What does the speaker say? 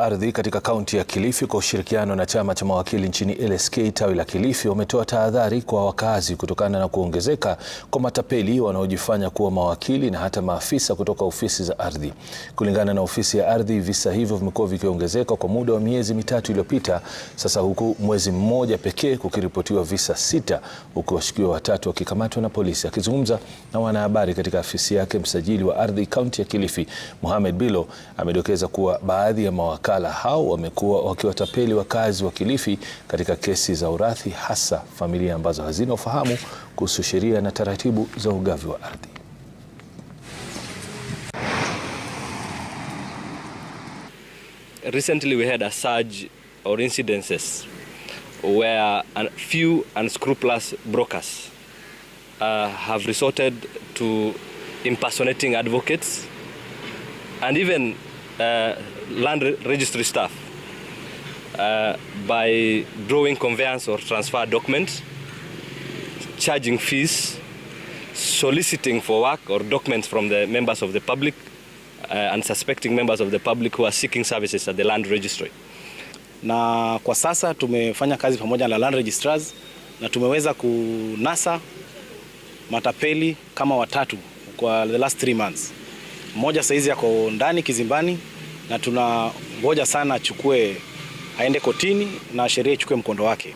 Ardhi katika kaunti ya Kilifi kwa ushirikiano na chama cha mawakili nchini LSK tawi la Kilifi wametoa tahadhari kwa wakazi kutokana na kuongezeka kwa matapeli wanaojifanya kuwa mawakili na hata maafisa kutoka ofisi za ardhi. Kulingana na ofisi ya ardhi, visa hivyo vimekuwa vikiongezeka kwa muda wa miezi mitatu iliyopita sasa, huku mwezi mmoja pekee kukiripotiwa visa sita, huku washukiwa watatu wakikamatwa na polisi. Akizungumza na wanahabari katika afisi yake, msajili wa ardhi kaunti ya Kilifi Mohamed Bilo amedokeza kuwa baadhi ya mawakili Wakala hao wamekuwa wakiwatapeli wakazi wa Kilifi katika kesi za urithi, hasa familia ambazo hazina ufahamu kuhusu sheria na taratibu za ugavi wa ardhi. Recently we had a surge or incidences where a few unscrupulous brokers uh, have resorted to impersonating advocates and even uh, land registry staff uh, by drawing conveyance or transfer documents, charging fees, soliciting for work or documents from the members of the public uh, and suspecting members of the public who are seeking services at the land registry. Na kwa sasa tumefanya kazi pamoja na land registrars na tumeweza kunasa matapeli kama watatu kwa the last three months. Mmoja saizi ako ndani kizimbani, na tunangoja sana achukue aende kotini na sheria ichukue mkondo wake.